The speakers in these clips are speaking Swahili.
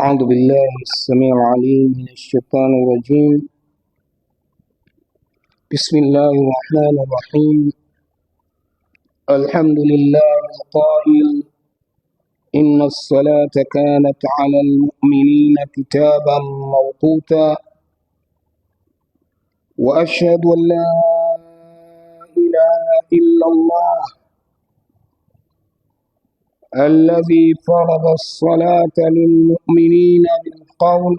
أعوذ بالله السميع العليم من الشيطان الرجيم بسم الله الرحمن الرحيم الحمد لله القائل إن الصلاة كانت على المؤمنين كتابا موقوتا وأشهد أن لا إله إلا الله الذي فرض الصلاة للمؤمنين بالقول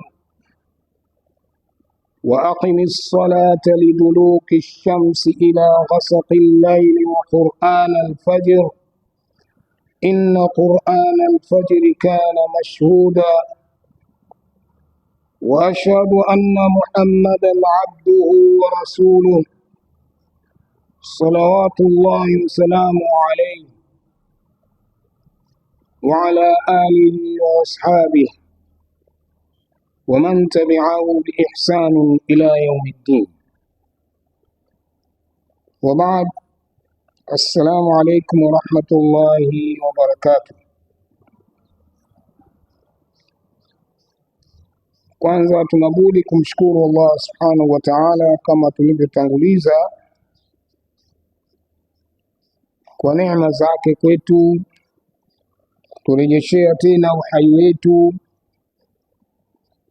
وأقم الصلاة لدلوك الشمس إلى غسق الليل وقرآن الفجر إن قرآن الفجر كان مشهودا وأشهد أن محمدا عبده ورسوله صلوات الله وسلامه عليه وعلى آله وأصحابه ومن تبعه بإحسان إلى يوم الدين وبعد السلام عليكم ورحمة الله وبركاته Kwanza tunabudi kumshukuru Allah subhanahu wa ta'ala kama tulivyotanguliza kwa neema zake kwetu turejeshea tena uhai wetu,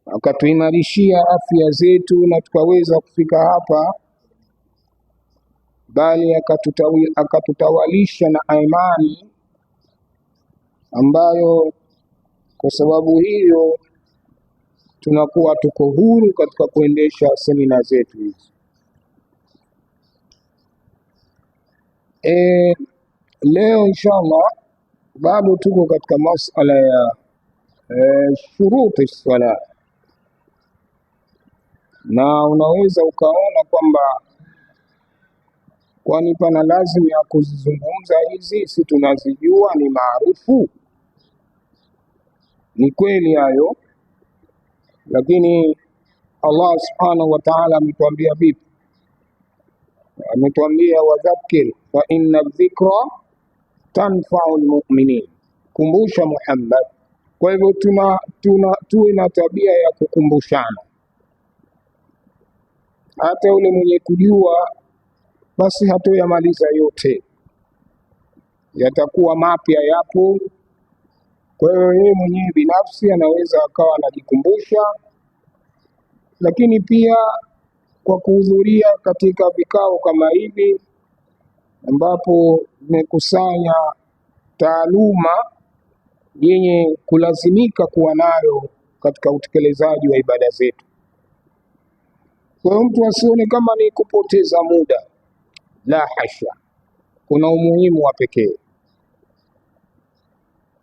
akatuimarishia afya zetu na tukaweza kufika hapa, bali akatutawalisha na imani ambayo kwa sababu hiyo tunakuwa tuko huru katika kuendesha semina zetu hizi. E, leo inshallah Babu tuko katika masala ya e, shuruti sala, na unaweza ukaona kwamba kwani pana lazima ya kuzizungumza hizi, si tunazijua, ni maarufu, ni kweli hayo, lakini Allah subhanahu wa ta'ala ametuambia vipi? Ametuambia wadhakir fa inna dhikra tanfau lmuminin, kumbusha Muhammad. Kwa hivyo tuna, tuna tuwe na tabia ya kukumbushana. Hata yule mwenye kujua basi hatoyamaliza yote, yatakuwa mapya yapo. Kwa hiyo yeye mwenyewe binafsi anaweza akawa anajikumbusha, lakini pia kwa kuhudhuria katika vikao kama hivi ambapo imekusanya taaluma yenye kulazimika kuwa nayo katika utekelezaji wa ibada zetu. Kwa hiyo mtu asione kama ni kupoteza muda, la hasha, kuna umuhimu wa pekee.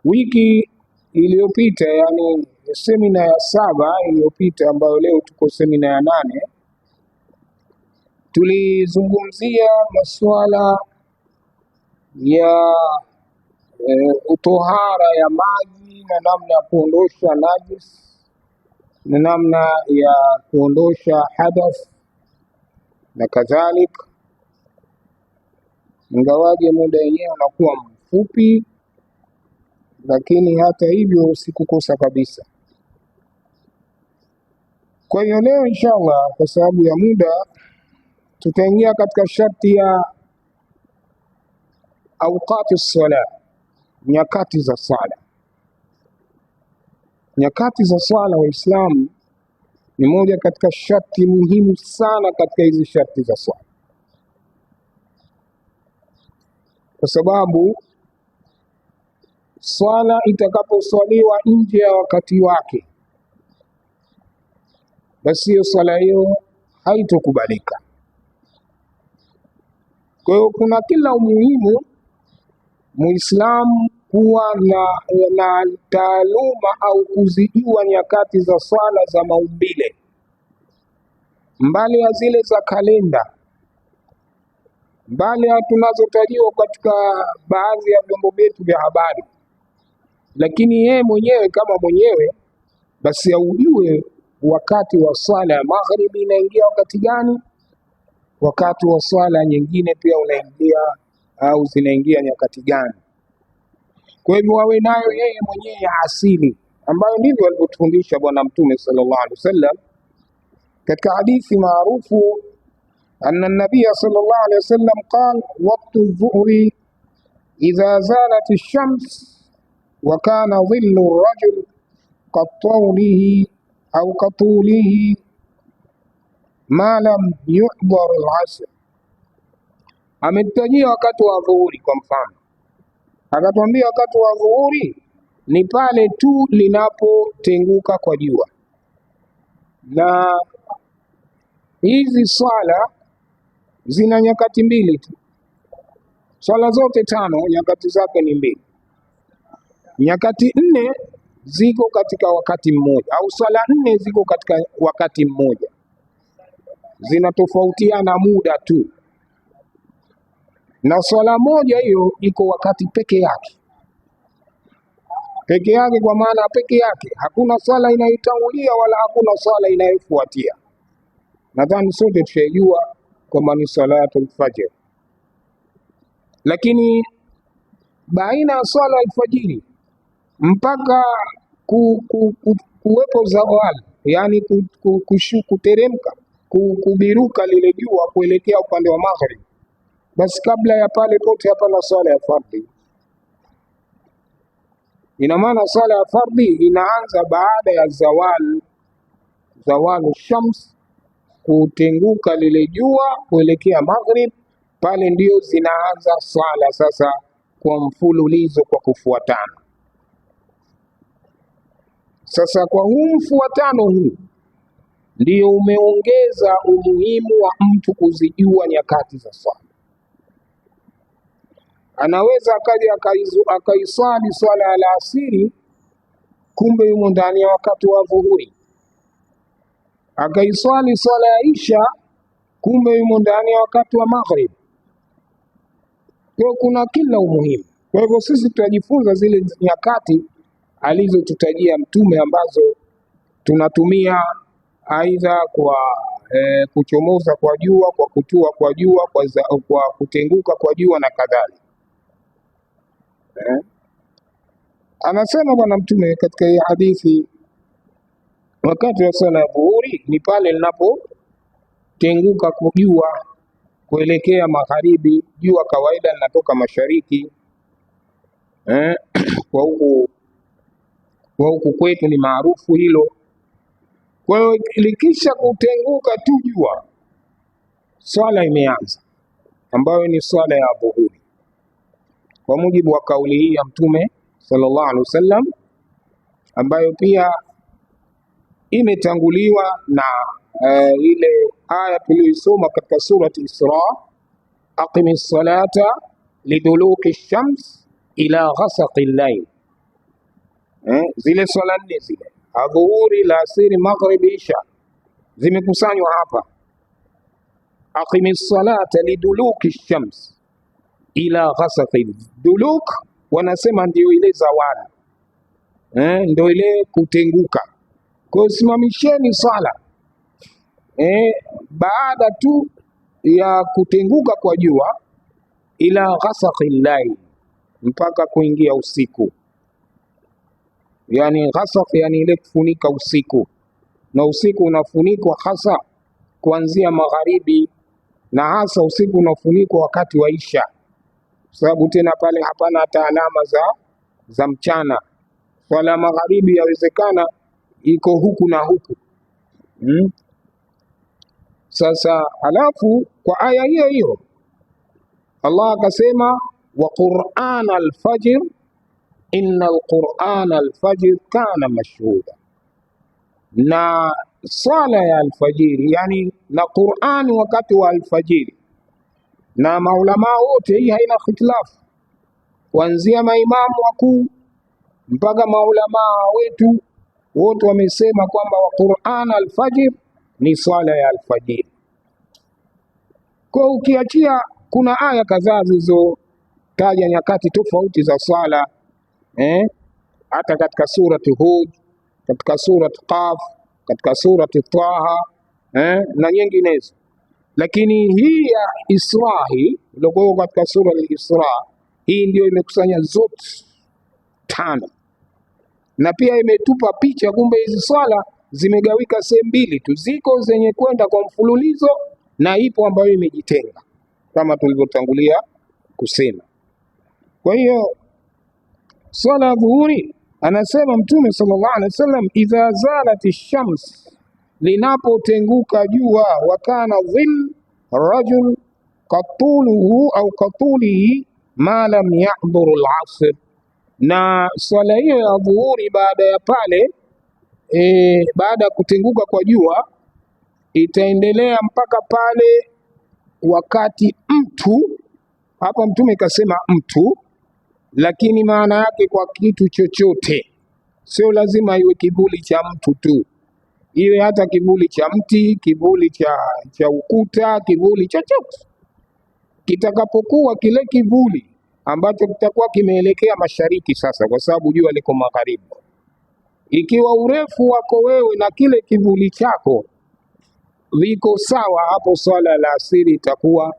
Wiki iliyopita, yani semina ya saba iliyopita, ambayo leo tuko semina ya nane, tulizungumzia masuala ya eh, utohara ya maji na namna ya kuondosha najis na namna ya kuondosha hadath na kadhalika, ingawaje muda wenyewe unakuwa mfupi, lakini hata hivyo sikukosa kabisa. Kwa hiyo leo inshallah, kwa sababu ya muda, tutaingia katika sharti ya Awqati sala, nyakati za sala. Nyakati za sala, Waislamu, ni moja katika sharti muhimu sana katika hizi sharti za swala, kwa sababu swala itakaposwaliwa nje ya wakati wake, basi hiyo swala hiyo haitokubalika. Kwa hiyo kuna kila umuhimu Muislamu kuwa na, na taaluma au kuzijua nyakati za swala za maumbile mbali ya zile za kalenda, mbali ya tunazotajiwa katika baadhi ya vyombo vyetu vya habari, lakini yeye mwenyewe kama mwenyewe basi aujue wakati wa swala ya maghribi inaingia wakati gani, wakati wa swala nyingine pia unaingia au zinaingia nyakati gani. Kwa hivyo wawe nayo yeye mwenyewe ya asili, ambayo ndivyo alivyotufundisha Bwana Mtume sallallahu alaihi wasallam katika hadithi maarufu anna nabiya sallallahu alaihi wasallam qal waqtu dhuhri idha zalat ash-shams wa kana dhillu ar-rajul qatawlihi au katulihi ma lam yuhdar al-asr Ametutajia wakati wa dhuhuri kwa mfano, akatwambia wakati wa dhuhuri ni pale tu linapotenguka kwa jua, na hizi swala zina nyakati mbili tu. Swala zote tano nyakati zake ni mbili. Nyakati nne ziko katika wakati mmoja, au swala nne ziko katika wakati mmoja, zinatofautiana muda tu na swala moja hiyo iko wakati peke yake peke yake, kwa maana peke yake, hakuna swala inayotangulia wala hakuna swala inayofuatia. Nadhani sote tushajua kwamba ni salatu alfajr, lakini baina ya swala alfajiri mpaka ku, ku, ku, kuwepo zawal, yani ku, ku, kuteremka ku, kubiruka lile jua kuelekea upande wa magharibi basi kabla ya pale pote hapana swala ya fardhi. Ina maana swala ya fardhi inaanza baada ya zawal zawalu shams, kutenguka lile jua kuelekea maghrib, pale ndio zinaanza swala sasa kwa mfululizo, kwa kufuatana. Sasa kwa huu mfuatano huu ndio umeongeza umuhimu wa mtu kuzijua nyakati za swala anaweza akaja akaiswali swala ya alasiri, kumbe yumo ndani ya wakati wa dhuhuri. Akaiswali swala ya isha, kumbe yumo ndani ya wakati wa maghrib. Kwa kuna kila umuhimu. Kwa hivyo sisi tutajifunza zile nyakati alizotutajia Mtume ambazo tunatumia aidha kwa e, kuchomoza kwa jua, kwa kutua kwa jua, kwa, za, kwa kutenguka kwa jua na kadhalika eh? Anasema Bwana Mtume katika hii hadithi, wakati wa sala ya dhuhuri ni pale linapotenguka kujua kuelekea magharibi. Jua kawaida linatoka mashariki eh? kwa huku kwa huku kwetu ni maarufu hilo. Kwa hiyo likisha kutenguka tu jua, swala imeanza ambayo ni swala ya dhuhuri kwa mujibu wa kauli hii ya Mtume sallallahu alaihi wasallam ambayo pia imetanguliwa na e, ile aya tuliyoisoma katika surati Isra, aqimi salata liduluki shams ila ghasaqi llail, eh, zile swala nne zile adhuhuri, la asiri, maghribi, isha zimekusanywa hapa. Aqimi salata liduluki shams ila ghasathil duluk, wanasema ndio ile zawadi eh, ndio ile kutenguka. Kwa simamisheni sala eh, baada tu ya kutenguka kwa jua, ila ghasakhil lail, mpaka kuingia usiku. Yani ghasakh, yani ile kufunika usiku, na usiku unafunikwa hasa kuanzia magharibi, na hasa usiku unafunikwa wakati wa isha sababu tena pale hapana hata alama za, za mchana. Swala magharibi yawezekana iko huku na huku hmm. Sasa halafu kwa aya hiyo hiyo Allah akasema wa Qur'an al-fajr inna al-Qur'an al-fajr kana mashhuda, na sala ya alfajiri yani na Qur'an wakati wa alfajiri na maulamaa wote, hii haina khitilafu, kuanzia maimamu wakuu mpaka maulamaa wetu wote wamesema kwamba wa Qur'an alfajir ni swala ya alfajiri. Kwa ukiachia, kuna aya kadhaa zilizotaja nyakati tofauti za swala eh, hata katika surati Hud, katika surati Qaf, katika surati Taha eh, na nyinginezo lakini hii ya Isra hii katika sura ya isra hii ndio imekusanya zote tano, na pia imetupa picha, kumbe hizi swala zimegawika sehemu mbili tu, ziko zenye kwenda kwa mfululizo na ipo ambayo imejitenga kama tulivyotangulia kusema. Kwa hiyo swala ya dhuhuri, anasema Mtume sallallahu alaihi wasallam, idha zalat shams linapotenguka jua, wakana dhil rajul katuluhu au katulihi ma lam yahdhuru al na swala hiyo ya dhuhuri baada ya pale e, baada ya kutenguka kwa jua itaendelea mpaka pale wakati mtu hapa, Mtume kasema mtu, lakini maana yake kwa kitu chochote, sio lazima iwe kivuli cha mtu tu iwe hata kivuli cha mti, kivuli cha, cha ukuta, kivuli chochote kitakapokuwa kile kivuli ambacho kitakuwa kimeelekea mashariki sasa, kwa sababu jua liko magharibi. Ikiwa urefu wako wewe na kile kivuli chako viko sawa, hapo swala la asiri itakuwa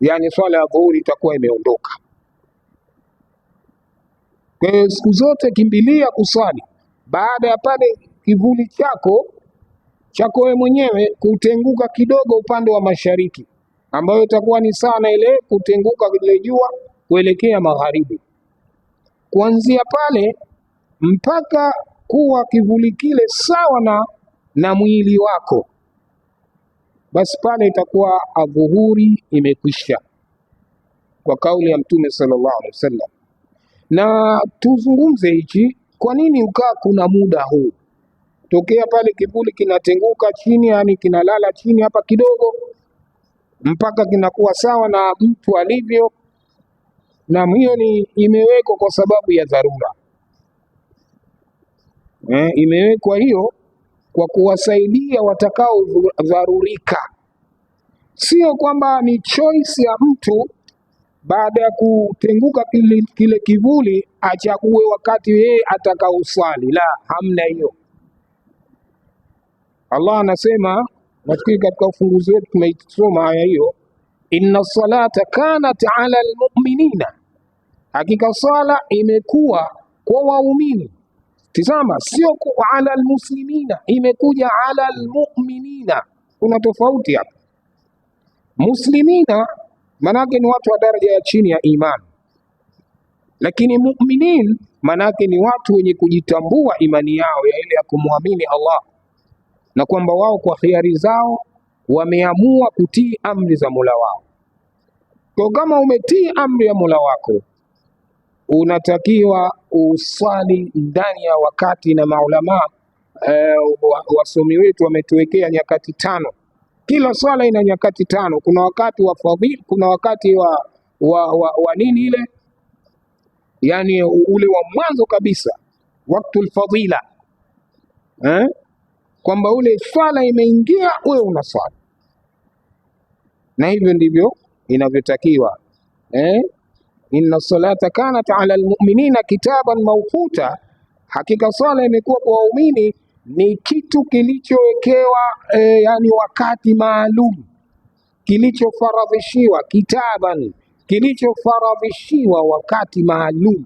yani, swala ya dhuhuri itakuwa imeondoka. Kwa hiyo siku zote kimbilia kuswali baada ya pale kivuli chako chako wewe mwenyewe kutenguka kidogo upande wa mashariki, ambayo itakuwa ni sana ile kutenguka ile jua kuelekea magharibi. Kuanzia pale mpaka kuwa kivuli kile sawa na na mwili wako, basi pale itakuwa adhuhuri imekwisha, kwa kauli ya Mtume sallallahu alaihi wasallam. Na tuzungumze hichi, kwa nini ukaa kuna muda huu tokea pale kivuli kinatenguka chini, yani kinalala chini hapa kidogo, mpaka kinakuwa sawa na mtu alivyo. Na hiyo ni imewekwa kwa sababu ya dharura eh, imewekwa hiyo kwa kuwasaidia watakaodharurika, sio kwamba ni choice ya mtu baada ya kutenguka kile, kile kivuli achague wakati yeye atakaoswali. La, hamna hiyo. Allah anasema, nafikiri katika ufunguzi wetu tumeisoma aya hiyo, inna salata kanat ala almu'minina, hakika swala imekuwa kwa waumini. Tizama, sio ala almuslimina, imekuja ala almu'minina. Kuna tofauti hapa. Muslimina manake ni watu wa daraja ya chini ya imani, lakini mu'minin manake ni watu wenye kujitambua imani yao ya ile ya kumwamini Allah na kwamba wao kwa khiari zao wameamua kutii amri za Mola wao. Kwa kama umetii amri ya Mola wako unatakiwa uswali ndani ya wakati, na maulamaa eh, e, wasomi wetu wametuwekea nyakati tano. Kila swala ina nyakati tano. Kuna wakati wa fadhila, kuna wakati wa wa, wa, wa nini ile, yani ule wa mwanzo kabisa, waktul fadhila eh? kwamba ule swala imeingia, wewe unaswali, na hivyo ndivyo inavyotakiwa eh? inna salata kanat ala almu'minina kitaban mawquta, hakika swala imekuwa kwa waumini ni kitu kilichowekewa e, yani wakati maalum kilichofaradhishiwa, kitaban, kilichofaradhishiwa wakati maalum.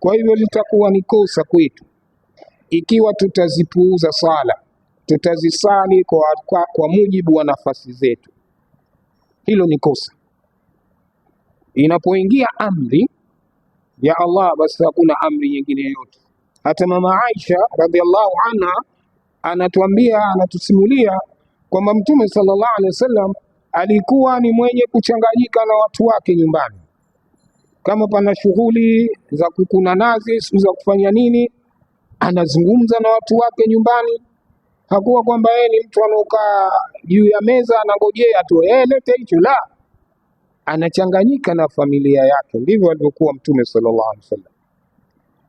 Kwa hivyo litakuwa ni kosa kwetu ikiwa tutazipuuza sala, tutazisali kwa, kwa, kwa mujibu wa nafasi zetu, hilo ni kosa. Inapoingia amri ya Allah, basi hakuna amri nyingine yoyote. Hata mama Aisha radhiallahu anha anatuambia, anatusimulia kwamba Mtume sallallahu alaihi wasallam alikuwa ni mwenye kuchanganyika na watu wake nyumbani, kama pana shughuli za kukuna nazi, siku za kufanya nini anazungumza na watu wake nyumbani. Hakuwa kwamba yeye ni mtu anaokaa juu ya meza anangojea tu yeye eh, lete hicho, la, anachanganyika na familia yake. Ndivyo alivyokuwa Mtume sallallahu alaihi wasallam.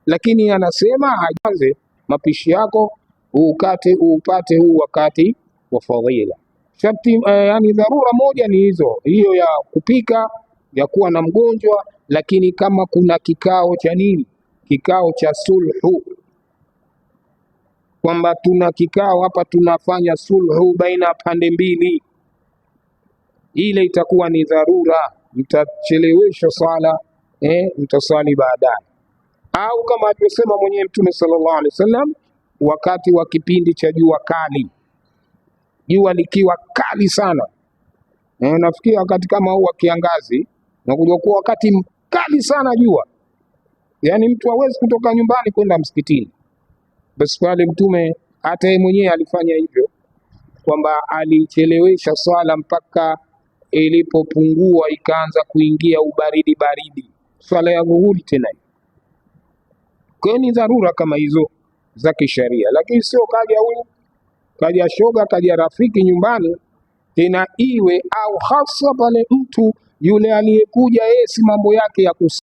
Lakini anasema ajanze mapishi yako uukate uupate huu wakati wa fadhila sharti. Uh, yani dharura moja ni hizo, hiyo ya kupika, ya kuwa na mgonjwa, lakini kama kuna kikao cha nini, kikao cha sulhu kwamba tuna kikao hapa, tunafanya sulhu baina ya pande mbili, ile itakuwa ni dharura, mtachelewesha sala eh, mtasali baadaye, au kama alivyosema mwenyewe Mtume sallallahu alaihi wasallam wakati wa kipindi cha jua kali, jua likiwa kali sana eh, nafikia wakati kama huu wa kiangazi na kuwa wakati mkali sana jua, yani mtu hawezi kutoka nyumbani kwenda msikitini basi pale Mtume hata yeye mwenyewe alifanya hivyo, kwamba alichelewesha swala mpaka ilipopungua ikaanza kuingia ubaridi baridi, swala ya dhuhuri tena. Kwa ni dharura kama hizo za kisheria, lakini sio kaja huyu kaja shoga kaja rafiki nyumbani tena iwe au hasa pale mtu yule aliyekuja yeye si mambo yake ya kus